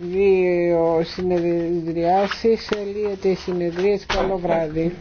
δύο συνεδριάσεις. Ελύεται η συνεδρία. Καλό βράδυ.